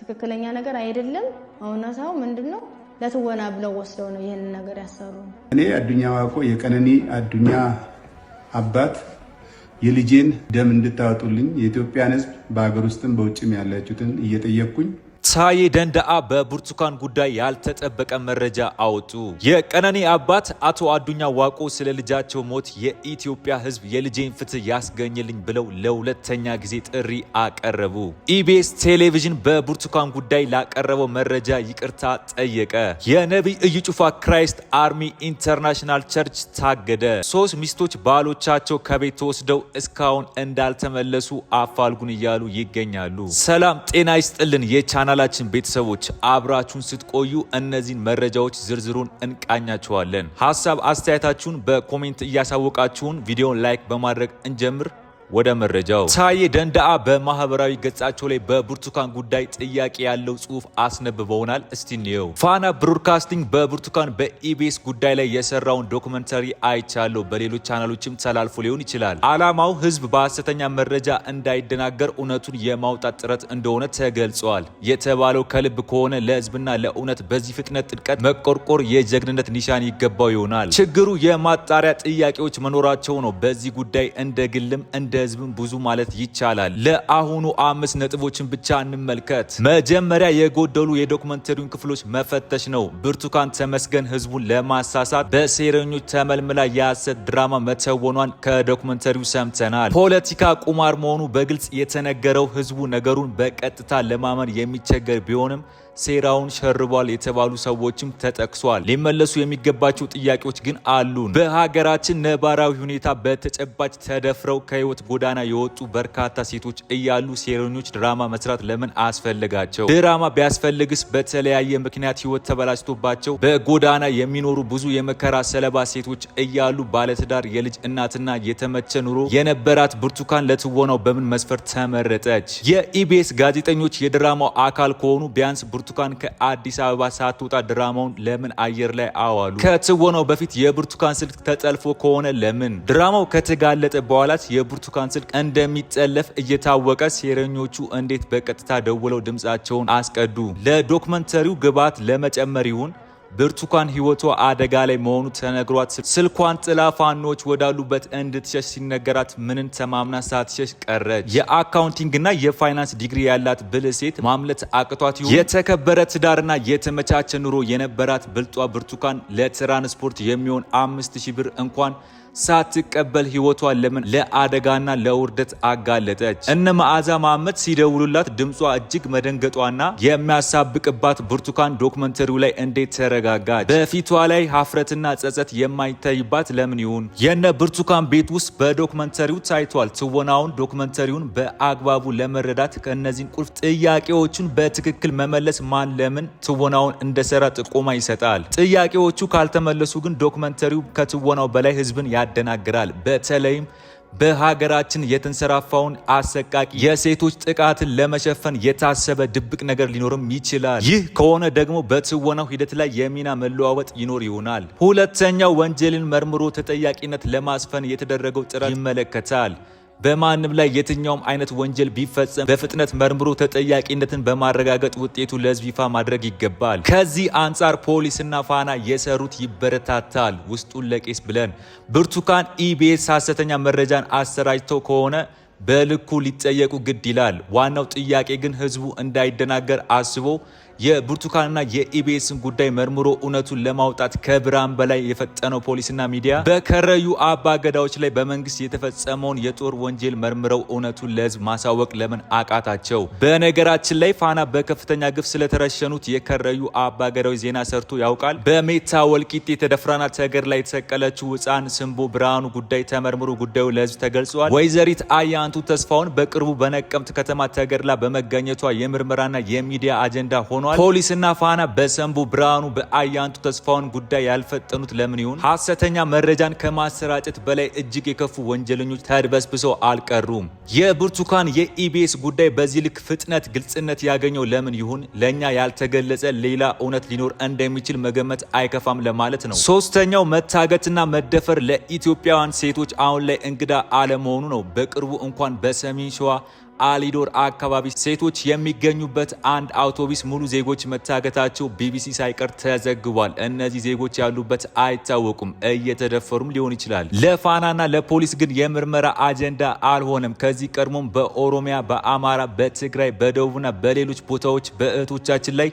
ትክክለኛ ነገር አይደለም። እውነታው ምንድን ነው? ለትወና ብለው ወስደው ነው ይህንን ነገር ያሰሩ። እኔ አዱኛ ዋቆ የቀነኒ አዱኛ አባት የልጄን ደም እንድታወጡልኝ የኢትዮጵያን ሕዝብ በሀገር ውስጥም በውጭም ያላችሁትን እየጠየቅኩኝ ታዬ ደንዳአ በብርቱካን ጉዳይ ያልተጠበቀ መረጃ አወጡ። የቀነኔ አባት አቶ አዱኛ ዋቆ ስለ ልጃቸው ሞት የኢትዮጵያ ሕዝብ የልጄን ፍትህ ያስገኝልኝ ብለው ለሁለተኛ ጊዜ ጥሪ አቀረቡ። ኢቢኤስ ቴሌቪዥን በብርቱካን ጉዳይ ላቀረበው መረጃ ይቅርታ ጠየቀ። የነቢይ እዩ ጩፋ ክራይስት አርሚ ኢንተርናሽናል ቸርች ታገደ። ሶስት ሚስቶች ባሎቻቸው ከቤት ተወስደው እስካሁን እንዳልተመለሱ አፋልጉን እያሉ ይገኛሉ። ሰላም ጤና ይስጥልን የቻናል የቻናላችን ቤተሰቦች አብራችሁን ስትቆዩ እነዚህን መረጃዎች ዝርዝሩን እንቃኛችኋለን። ሀሳብ አስተያየታችሁን በኮሜንት እያሳወቃችሁን ቪዲዮን ላይክ በማድረግ እንጀምር። ወደ መረጃው ታዬ ደንዳአ በማህበራዊ ገጻቸው ላይ በብርቱካን ጉዳይ ጥያቄ ያለው ጽሁፍ አስነብበውናል። እስቲ እንየው። ፋና ብሮድካስቲንግ በብርቱካን በኢቢኤስ ጉዳይ ላይ የሰራውን ዶክመንተሪ አይቻለሁ። በሌሎች ቻናሎችም ተላልፎ ሊሆን ይችላል። አላማው ህዝብ በሀሰተኛ መረጃ እንዳይደናገር እውነቱን የማውጣት ጥረት እንደሆነ ተገልጿል። የተባለው ከልብ ከሆነ ለህዝብና ለእውነት በዚህ ፍጥነት ጥልቀት መቆርቆር የጀግንነት ኒሻን ይገባው ይሆናል። ችግሩ የማጣሪያ ጥያቄዎች መኖራቸው ነው። በዚህ ጉዳይ እንደ ግልም እንደ ህዝብም ብዙ ማለት ይቻላል። ለአሁኑ አምስት ነጥቦችን ብቻ እንመልከት። መጀመሪያ የጎደሉ የዶክመንተሪውን ክፍሎች መፈተሽ ነው። ብርቱካን ተመስገን ህዝቡን ለማሳሳት በሴረኞች ተመልምላ የሐሰት ድራማ መተወኗን ከዶክመንተሪው ሰምተናል። ፖለቲካ ቁማር መሆኑ በግልጽ የተነገረው ህዝቡ ነገሩን በቀጥታ ለማመን የሚቸገር ቢሆንም ሴራውን ሸርቧል የተባሉ ሰዎችም ተጠቅሷል። ሊመለሱ የሚገባቸው ጥያቄዎች ግን አሉን። በሀገራችን ነባራዊ ሁኔታ በተጨባጭ ተደፍረው ከህይወት ጎዳና የወጡ በርካታ ሴቶች እያሉ ሴረኞች ድራማ መስራት ለምን አስፈለጋቸው? ድራማ ቢያስፈልግስ በተለያየ ምክንያት ህይወት ተበላሽቶባቸው በጎዳና የሚኖሩ ብዙ የመከራ ሰለባ ሴቶች እያሉ ባለትዳር የልጅ እናትና የተመቸ ኑሮ የነበራት ብርቱካን ለትወናው በምን መስፈርት ተመረጠች? የኢቢኤስ ጋዜጠኞች የድራማው አካል ከሆኑ ቢያንስ ብርቱ ብርቱካን ከአዲስ አበባ ሳትወጣ ድራማውን ለምን አየር ላይ አዋሉ? ከትወነው በፊት የብርቱካን ስልክ ተጠልፎ ከሆነ ለምን? ድራማው ከተጋለጠ በኋላት የብርቱካን ስልክ እንደሚጠለፍ እየታወቀ ሴረኞቹ እንዴት በቀጥታ ደውለው ድምፃቸውን አስቀዱ? ለዶክመንተሪው ግብዓት ለመጨመር ይሁን ብርቱካን ህይወቷ አደጋ ላይ መሆኑ ተነግሯት ስልኳን ጥላ ፋኖች ወዳሉበት እንድትሸሽ ሲነገራት ምንን ተማምና ሳትሸሽ ቀረች። የአካውንቲንግና የፋይናንስ ዲግሪ ያላት ብልህ ሴት ማምለት አቅቷት ይሁን የተከበረ ትዳርና የተመቻቸ ኑሮ የነበራት ብልጧ ብርቱካን ለትራንስፖርት የሚሆን አምስት ሺህ ብር እንኳን ሳትቀበል ህይወቷን ለምን ለአደጋና ለውርደት አጋለጠች? እነ መዓዛ መሐመድ ሲደውሉላት ድምጿ እጅግ መደንገጧና የሚያሳብቅባት ብርቱካን ዶክመንተሪው ላይ እንዴት ተረጋጋች? በፊቷ ላይ ሀፍረትና ጸጸት የማይታይባት ለምን ይሁን? የነ ብርቱካን ቤት ውስጥ በዶክመንተሪው ታይቷል። ትወናውን ዶክመንተሪውን በአግባቡ ለመረዳት ከእነዚህን ቁልፍ ጥያቄዎቹን በትክክል መመለስ ማን ለምን ትወናውን እንደሰራ ጥቆማ ይሰጣል። ጥያቄዎቹ ካልተመለሱ ግን ዶክመንተሪው ከትወናው በላይ ህዝብን ያደናግራል። በተለይም በሀገራችን የተንሰራፋውን አሰቃቂ የሴቶች ጥቃትን ለመሸፈን የታሰበ ድብቅ ነገር ሊኖርም ይችላል። ይህ ከሆነ ደግሞ በትወናው ሂደት ላይ የሚና መለዋወጥ ይኖር ይሆናል። ሁለተኛው ወንጀልን መርምሮ ተጠያቂነት ለማስፈን የተደረገው ጥረት ይመለከታል። በማንም ላይ የትኛውም አይነት ወንጀል ቢፈጸም በፍጥነት መርምሮ ተጠያቂነትን በማረጋገጥ ውጤቱ ለህዝብ ይፋ ማድረግ ይገባል። ከዚህ አንጻር ፖሊስና ፋና የሰሩት ይበረታታል። ውስጡን ለቄስ ብለን ብርቱካን ኢቢኤስ ሐሰተኛ መረጃን አሰራጭተው ከሆነ በልኩ ሊጠየቁ ግድ ይላል። ዋናው ጥያቄ ግን ህዝቡ እንዳይደናገር አስቦ የብርቱካንና የኢቢኤስን ጉዳይ መርምሮ እውነቱን ለማውጣት ከብርሃን በላይ የፈጠነው ፖሊስና ሚዲያ በከረዩ አባገዳዎች ላይ በመንግስት የተፈጸመውን የጦር ወንጀል መርምረው እውነቱን ለህዝብ ማሳወቅ ለምን አቃታቸው? በነገራችን ላይ ፋና በከፍተኛ ግፍ ስለተረሸኑት የከረዩ አባገዳዎች ዜና ሰርቶ ያውቃል። በሜታ ወልቂጤ ተደፍራና ተገር ላይ የተሰቀለችው ህፃን ስንቦ ብርሃኑ ጉዳይ ተመርምሮ ጉዳዩ ለህዝብ ተገልጿል። ወይዘሪት አያንቱ ተስፋውን በቅርቡ በነቀምት ከተማ ተገድላ በመገኘቷ የምርመራና የሚዲያ አጀንዳ ሆኗል። ሆኗል። ፖሊስና ፋና በሰንቡ ብርሃኑ በአያንቱ ተስፋውን ጉዳይ ያልፈጠኑት ለምን ይሆን? ሀሰተኛ መረጃን ከማሰራጨት በላይ እጅግ የከፉ ወንጀለኞች ተድበስብሰው አልቀሩም። የብርቱካን የኢቢኤስ ጉዳይ በዚህ ልክ ፍጥነት፣ ግልጽነት ያገኘው ለምን ይሆን? ለእኛ ያልተገለጸ ሌላ እውነት ሊኖር እንደሚችል መገመት አይከፋም ለማለት ነው። ሶስተኛው መታገትና መደፈር ለኢትዮጵያውያን ሴቶች አሁን ላይ እንግዳ አለመሆኑ ነው። በቅርቡ እንኳን በሰሜን ሸዋ አሊዶር አካባቢ ሴቶች የሚገኙበት አንድ አውቶቡስ ሙሉ ዜጎች መታገታቸው ቢቢሲ ሳይቀር ተዘግቧል። እነዚህ ዜጎች ያሉበት አይታወቁም፣ እየተደፈሩም ሊሆን ይችላል። ለፋናና ለፖሊስ ግን የምርመራ አጀንዳ አልሆነም። ከዚህ ቀድሞም በኦሮሚያ፣ በአማራ፣ በትግራይ፣ በደቡብና በሌሎች ቦታዎች በእህቶቻችን ላይ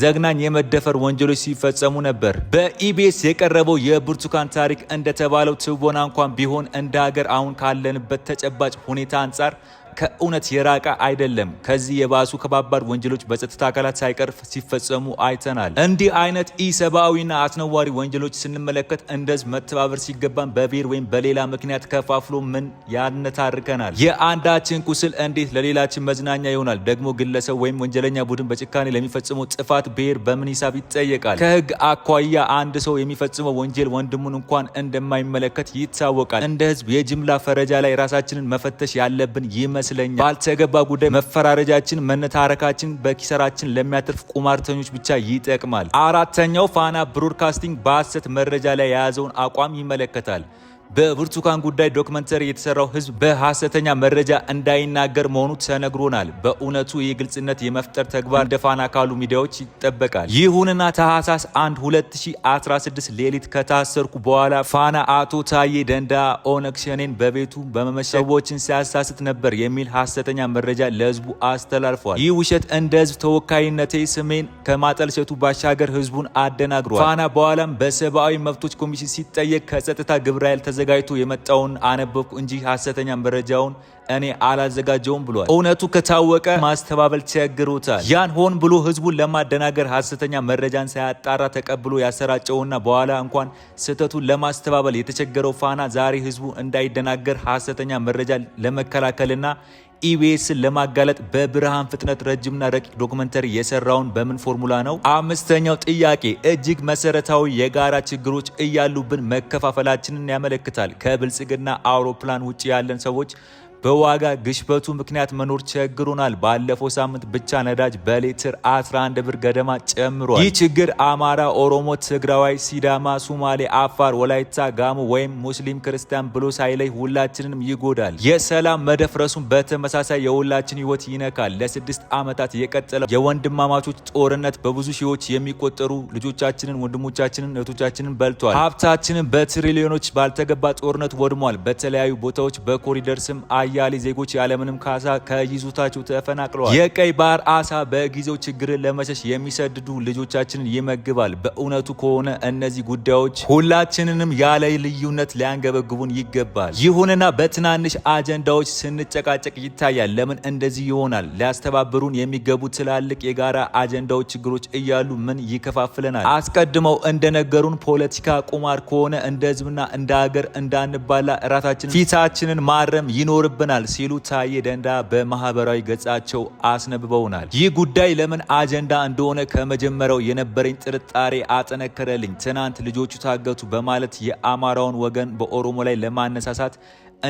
ዘግናኝ የመደፈር ወንጀሎች ሲፈጸሙ ነበር። በኢቢኤስ የቀረበው የብርቱካን ታሪክ እንደተባለው ትወና እንኳን ቢሆን እንደ ሀገር አሁን ካለንበት ተጨባጭ ሁኔታ አንጻር ከእውነት የራቀ አይደለም። ከዚህ የባሱ ከባባድ ወንጀሎች በጸጥታ አካላት ሳይቀር ሲፈጸሙ አይተናል። እንዲህ አይነት ኢሰብአዊና አስነዋሪ ወንጀሎች ስንመለከት እንደዚህ መተባበር ሲገባን በብሔር ወይም በሌላ ምክንያት ከፋፍሎ ምን ያነታርከናል? የአንዳችን ቁስል እንዴት ለሌላችን መዝናኛ ይሆናል? ደግሞ ግለሰብ ወይም ወንጀለኛ ቡድን በጭካኔ ለሚፈጽመው ጥፋት ብሔር በምን ሂሳብ ይጠየቃል? ከህግ አኳያ አንድ ሰው የሚፈጽመው ወንጀል ወንድሙን እንኳን እንደማይመለከት ይታወቃል። እንደ ህዝብ የጅምላ ፈረጃ ላይ ራሳችንን መፈተሽ ያለብን ይመስላል። ይመስለኛል። ባልተገባ ጉዳይ መፈራረጃችን፣ መነታረካችን በኪሰራችን ለሚያተርፍ ቁማርተኞች ብቻ ይጠቅማል። አራተኛው ፋና ብሮድካስቲንግ በሀሰት መረጃ ላይ የያዘውን አቋም ይመለከታል። በብርቱካን ጉዳይ ዶክመንተሪ የተሰራው ህዝብ በሐሰተኛ መረጃ እንዳይናገር መሆኑ ተነግሮናል። በእውነቱ የግልጽነት የመፍጠር ተግባር እንደ ፋና ካሉ ሚዲያዎች ይጠበቃል። ይሁንና ታህሳስ 1 2016 ሌሊት ከታሰርኩ በኋላ ፋና አቶ ታዬ ደንዳ ኦነግ ሸኔን በቤቱ በመመሸ ሰዎችን ሲያሳስት ነበር የሚል ሐሰተኛ መረጃ ለህዝቡ አስተላልፏል። ይህ ውሸት እንደ ህዝብ ተወካይነቴ ስሜን ከማጠልሸቱ ባሻገር ህዝቡን አደናግሯል። ፋና በኋላም በሰብአዊ መብቶች ኮሚሽን ሲጠየቅ ከጸጥታ ግብረ ኃይል ተዘጋጅቶ የመጣውን አነበብኩ እንጂ ሐሰተኛ መረጃውን እኔ አላዘጋጀውም ብሏል። እውነቱ ከታወቀ ማስተባበል ቸግሮታል። ያን ሆን ብሎ ህዝቡን ለማደናገር ሐሰተኛ መረጃን ሳያጣራ ተቀብሎ ያሰራጨውና በኋላ እንኳን ስህተቱን ለማስተባበል የተቸገረው ፋና ዛሬ ህዝቡ እንዳይደናገር ሐሰተኛ መረጃ ለመከላከልና ኢቢኤስን ለማጋለጥ በብርሃን ፍጥነት ረጅምና ረቂቅ ዶክመንተሪ የሰራውን በምን ፎርሙላ ነው? አምስተኛው ጥያቄ እጅግ መሰረታዊ የጋራ ችግሮች እያሉብን መከፋፈላችንን ያመለክታል። ከብልጽግና አውሮፕላን ውጭ ያለን ሰዎች በዋጋ ግሽበቱ ምክንያት መኖር ቸግሮናል። ባለፈው ሳምንት ብቻ ነዳጅ በሌትር 11 ብር ገደማ ጨምሯል። ይህ ችግር አማራ፣ ኦሮሞ፣ ትግራዋይ፣ ሲዳማ፣ ሱማሌ፣ አፋር፣ ወላይታ፣ ጋሞ ወይም ሙስሊም ክርስቲያን ብሎ ሳይለይ ሁላችንንም ይጎዳል። የሰላም መደፍረሱን በተመሳሳይ የሁላችን ህይወት ይነካል። ለስድስት ዓመታት የቀጠለው የወንድማማቾች ጦርነት በብዙ ሺዎች የሚቆጠሩ ልጆቻችንን፣ ወንድሞቻችንን፣ እህቶቻችንን በልቷል። ሀብታችንን በትሪሊዮኖች ባልተገባ ጦርነት ወድሟል። በተለያዩ ቦታዎች በኮሪደር ስም አ። አያሌ ዜጎች ያለምንም ካሳ ከይዞታቸው ተፈናቅለዋል። የቀይ ባህር አሳ በጊዜው ችግርን ለመሸሽ የሚሰድዱ ልጆቻችንን ይመግባል። በእውነቱ ከሆነ እነዚህ ጉዳዮች ሁላችንንም ያለ ልዩነት ሊያንገበግቡን ይገባል። ይሁንና በትናንሽ አጀንዳዎች ስንጨቃጨቅ ይታያል። ለምን እንደዚህ ይሆናል? ሊያስተባብሩን የሚገቡ ትላልቅ የጋራ አጀንዳዎች ችግሮች እያሉ ምን ይከፋፍለናል? አስቀድመው እንደነገሩን ፖለቲካ ቁማር ከሆነ እንደ ህዝብና እንደ ሀገር እንዳንባላ ራሳችንን ፊታችንን ማረም ይኖርብ ይኖርብናል ሲሉ ታዬ ደንዳ በማህበራዊ ገጻቸው አስነብበውናል። ይህ ጉዳይ ለምን አጀንዳ እንደሆነ ከመጀመሪያው የነበረኝ ጥርጣሬ አጠነከረልኝ። ትናንት ልጆቹ ታገቱ በማለት የአማራውን ወገን በኦሮሞ ላይ ለማነሳሳት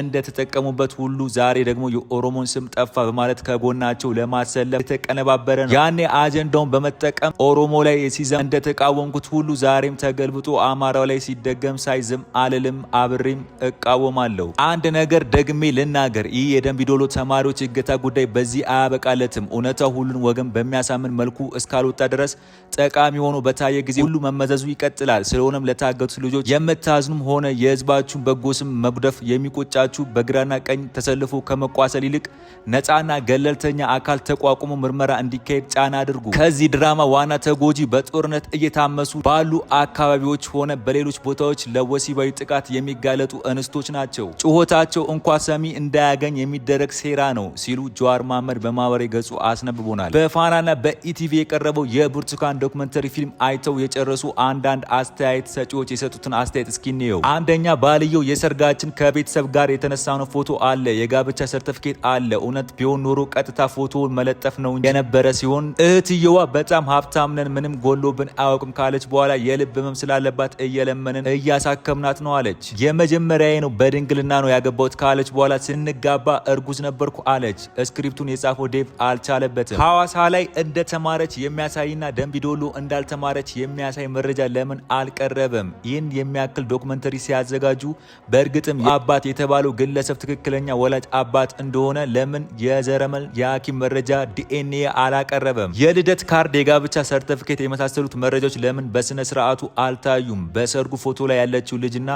እንደተጠቀሙበት ሁሉ ዛሬ ደግሞ የኦሮሞን ስም ጠፋ በማለት ከጎናቸው ለማሰለፍ የተቀነባበረ ነው። ያኔ አጀንዳውን በመጠቀም ኦሮሞ ላይ ሲዘም እንደተቃወምኩት ሁሉ ዛሬም ተገልብጦ አማራው ላይ ሲደገም ሳይዝም አልልም፣ አብሬም እቃወማለሁ። አንድ ነገር ደግሜ ልናገር፣ ይህ የደንቢ ተማሪዎች እገታ ጉዳይ በዚህ አያበቃለትም። እውነታው ሁሉን ወገን በሚያሳምን መልኩ እስካልወጣ ድረስ ጠቃሚ ሆኖ በታየ ጊዜ ሁሉ መመዘዙ ይቀጥላል። ስለሆነም ለታገቱት ልጆች የምታዝኑም ሆነ የህዝባችሁን በጎ ስም መጉደፍ የሚቆጫ ተመልካቹ በግራና ቀኝ ተሰልፎ ከመቋሰል ይልቅ ነፃና ገለልተኛ አካል ተቋቁሞ ምርመራ እንዲካሄድ ጫና አድርጉ። ከዚህ ድራማ ዋና ተጎጂ በጦርነት እየታመሱ ባሉ አካባቢዎች ሆነ በሌሎች ቦታዎች ለወሲባዊ ጥቃት የሚጋለጡ እንስቶች ናቸው። ጩኸታቸው እንኳ ሰሚ እንዳያገኝ የሚደረግ ሴራ ነው ሲሉ ጀዋር መሀመድ በማህበራዊ ገጹ አስነብቦናል። በፋናና በኢቲቪ የቀረበው የብርቱካን ዶክመንተሪ ፊልም አይተው የጨረሱ አንዳንድ አስተያየት ሰጪዎች የሰጡትን አስተያየት እስኪንየው። አንደኛ ባልየው የሰርጋችን ከቤተሰብ ጋር ጋር የተነሳነው ፎቶ አለ፣ የጋብቻ ሰርተፍኬት አለ። እውነት ቢሆን ኖሮ ቀጥታ ፎቶውን መለጠፍ ነው የነበረ ሲሆን እህትየዋ በጣም ሀብታም ነን፣ ምንም ጎሎብን አያውቅም ካለች በኋላ የልብ ህመም ስላለባት እየለመንን እያሳከምናት ነው አለች። የመጀመሪያዬ ነው በድንግልና ነው ያገባሁት ካለች በኋላ ስንጋባ እርጉዝ ነበርኩ አለች። ስክሪፕቱን የጻፈው ዴቭ አልቻለበትም። ሐዋሳ ላይ እንደተማረች የሚያሳይና ደንቢዶሎ እንዳልተማረች የሚያሳይ መረጃ ለምን አልቀረበም? ይህን የሚያክል ዶክመንተሪ ሲያዘጋጁ በእርግጥም አባት የተባለ የተባለው ግለሰብ ትክክለኛ ወላጅ አባት እንደሆነ ለምን የዘረመል የሐኪም መረጃ ዲኤንኤ አላቀረበም? የልደት ካርድ፣ የጋብቻ ሰርተፍኬት የመሳሰሉት መረጃዎች ለምን በስነ ስርዓቱ አልታዩም? በሰርጉ ፎቶ ላይ ያለችው ልጅና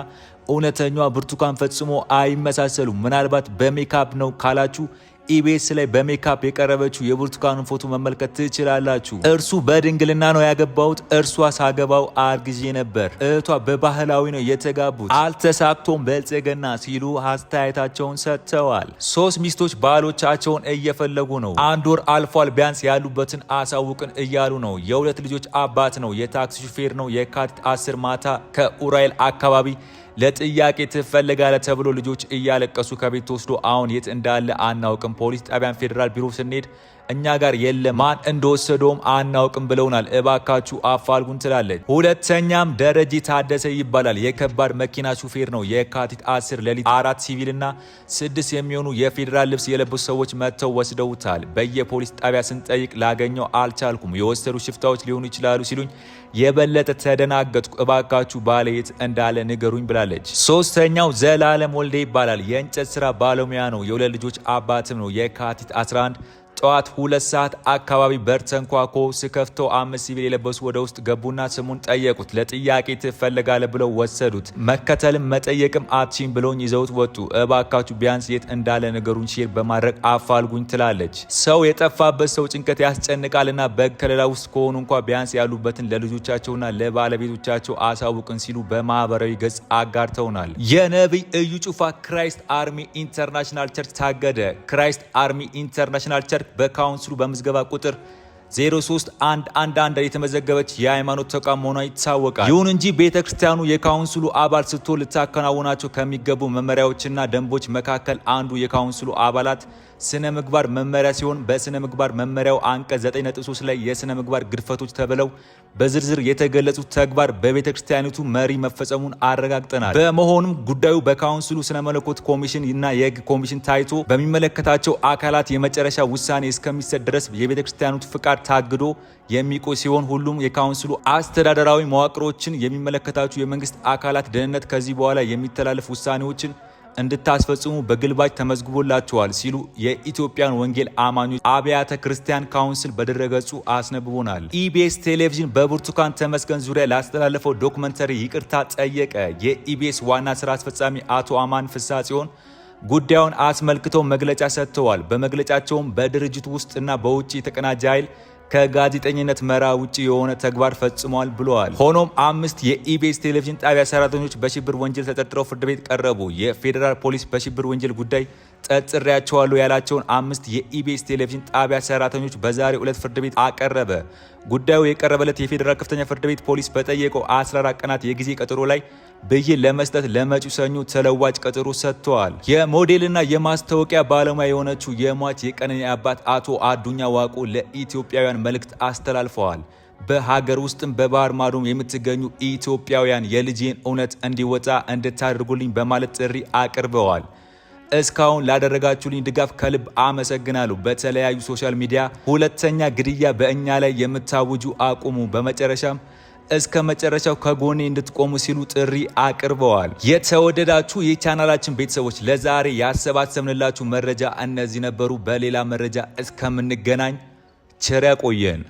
እውነተኛዋ ብርቱካን ፈጽሞ አይመሳሰሉም። ምናልባት በሜካፕ ነው ካላችሁ ኢቤስ ላይ በሜካፕ የቀረበችው የብርቱካንን ፎቶ መመልከት ትችላላችሁ። እርሱ በድንግልና ነው ያገባሁት፣ እርሷ ሳገባው አርግዤ ነበር። እህቷ በባህላዊ ነው የተጋቡት፣ አልተሳክቶም በልጽግና ሲሉ አስተያየታቸውን ሰጥተዋል። ሶስት ሚስቶች ባሎቻቸውን እየፈለጉ ነው። አንድ ወር አልፏል፣ ቢያንስ ያሉበትን አሳውቅን እያሉ ነው። የሁለት ልጆች አባት ነው፣ የታክሲ ሹፌር ነው። የካቲት አስር ማታ ከኡራኤል አካባቢ ለጥያቄ ትፈልጋለ ተብሎ ልጆች እያለቀሱ ከቤት ተወስዶ አሁን የት እንዳለ አናውቅም። ፖሊስ ጣቢያን ፌዴራል ቢሮ ስንሄድ እኛ ጋር የለም፣ ማን እንደወሰደውም አናውቅም ብለውናል፣ እባካችሁ አፋልጉን ትላለች። ሁለተኛም ደረጀ ታደሰ ይባላል። የከባድ መኪና ሹፌር ነው። የካቲት 10 ሌሊት አራት ሲቪልና ስድስት የሚሆኑ የፌዴራል ልብስ የለበሱ ሰዎች መጥተው ወስደውታል። በየፖሊስ ጣቢያ ስንጠይቅ ላገኘው አልቻልኩም፣ የወሰዱ ሽፍታዎች ሊሆኑ ይችላሉ ሲሉኝ የበለጠ ተደናገጥኩ። እባካችሁ ባለየት እንዳለ ንገሩኝ ብላለች። ሶስተኛው ዘላለም ወልዴ ይባላል። የእንጨት ስራ ባለሙያ ነው። የሁለት ልጆች አባትም ነው። የካቲት 11 ጠዋት ሁለት ሰዓት አካባቢ በር ተንኳኮ ስከፍተው አምስት ሲቪል የለበሱ ወደ ውስጥ ገቡና ስሙን ጠየቁት። ለጥያቄ ትፈለጋለ ብለው ወሰዱት። መከተልም መጠየቅም አትችም ብለውኝ ይዘውት ወጡ። እባካችሁ ቢያንስ የት እንዳለ ነገሩን ሼር በማድረግ አፋልጉኝ ትላለች። ሰው የጠፋበት ሰው ጭንቀት ያስጨንቃልና በግ ከለላ ውስጥ ከሆኑ እንኳ ቢያንስ ያሉበትን ለልጆቻቸውና ለባለቤቶቻቸው አሳውቅን ሲሉ በማህበራዊ ገጽ አጋርተውናል። የነቢይ እዩ ጩፋ ክራይስት አርሚ ኢንተርናሽናል ቸርች ታገደ። ክራይስት አርሚ ኢንተርናሽናል ቸርች በካውንስሉ በምዝገባ ቁጥር 03111 የተመዘገበች የሃይማኖት ተቋም መሆኗ ይታወቃል። ይሁን እንጂ ቤተ ክርስቲያኑ የካውንስሉ አባል ስትሆን ልታከናውናቸው ከሚገቡ መመሪያዎችና ደንቦች መካከል አንዱ የካውንስሉ አባላት ስነ ምግባር መመሪያ ሲሆን በስነ ምግባር መመሪያው አንቀጽ 9.3 ላይ የስነ ምግባር ግድፈቶች ተብለው በዝርዝር የተገለጹት ተግባር በቤተ ክርስቲያኒቱ መሪ መፈጸሙን አረጋግጠናል። በመሆኑም ጉዳዩ በካውንስሉ ስነ መለኮት ኮሚሽን እና የህግ ኮሚሽን ታይቶ በሚመለከታቸው አካላት የመጨረሻ ውሳኔ እስከሚሰጥ ድረስ የቤተ ክርስቲያኒቱ ፍቃድ ታግዶ የሚቆይ ሲሆን ሁሉም የካውንስሉ አስተዳደራዊ መዋቅሮችን የሚመለከታቸው የመንግስት አካላት ደህንነት ከዚህ በኋላ የሚተላለፍ ውሳኔዎችን እንድታስፈጽሙ በግልባጭ ተመዝግቦላችኋል ሲሉ የኢትዮጵያን ወንጌል አማኞች አብያተ ክርስቲያን ካውንስል በድረገጹ አስነብቦናል። ኢቢኤስ ቴሌቪዥን በብርቱካን ተመስገን ዙሪያ ላስተላለፈው ዶክመንተሪ ይቅርታ ጠየቀ። የኢቢኤስ ዋና ስራ አስፈጻሚ አቶ አማን ፍሳ ሲሆን ጉዳዩን አስመልክተው መግለጫ ሰጥተዋል። በመግለጫቸውም በድርጅቱ ውስጥ እና በውጭ የተቀናጀ ኃይል ከጋዜጠኝነት መራ ውጭ የሆነ ተግባር ፈጽሟል ብለዋል። ሆኖም አምስት የኢቢኤስ ቴሌቪዥን ጣቢያ ሰራተኞች በሽብር ወንጀል ተጠርጥረው ፍርድ ቤት ቀረቡ። የፌዴራል ፖሊስ በሽብር ወንጀል ጉዳይ ጸጽሬያቸዋለሁ ያላቸውን አምስት የኢቢኤስ ቴሌቪዥን ጣቢያ ሰራተኞች በዛሬ ዕለት ፍርድ ቤት አቀረበ። ጉዳዩ የቀረበለት የፌዴራል ከፍተኛ ፍርድ ቤት ፖሊስ በጠየቀው 14 ቀናት የጊዜ ቀጠሮ ላይ ብይን ለመስጠት ለመጪው ሰኞ ተለዋጭ ቀጠሮ ሰጥተዋል። የሞዴልና የማስታወቂያ ባለሙያ የሆነችው የሟች የቀነኒ አባት አቶ አዱኛ ዋቆ ለኢትዮጵያውያን መልእክት አስተላልፈዋል። በሀገር ውስጥም በባህር ማዶም የምትገኙ ኢትዮጵያውያን የልጄን እውነት እንዲወጣ እንድታደርጉልኝ በማለት ጥሪ አቅርበዋል። እስካሁን ላደረጋችሁልኝ ድጋፍ ከልብ አመሰግናለሁ። በተለያዩ ሶሻል ሚዲያ ሁለተኛ ግድያ በእኛ ላይ የምታውጁ አቁሙ፣ በመጨረሻም እስከ መጨረሻው ከጎኔ እንድትቆሙ ሲሉ ጥሪ አቅርበዋል። የተወደዳችሁ የቻናላችን ቤተሰቦች ለዛሬ ያሰባሰብንላችሁ መረጃ እነዚህ ነበሩ። በሌላ መረጃ እስከምንገናኝ ቸር ያቆየን።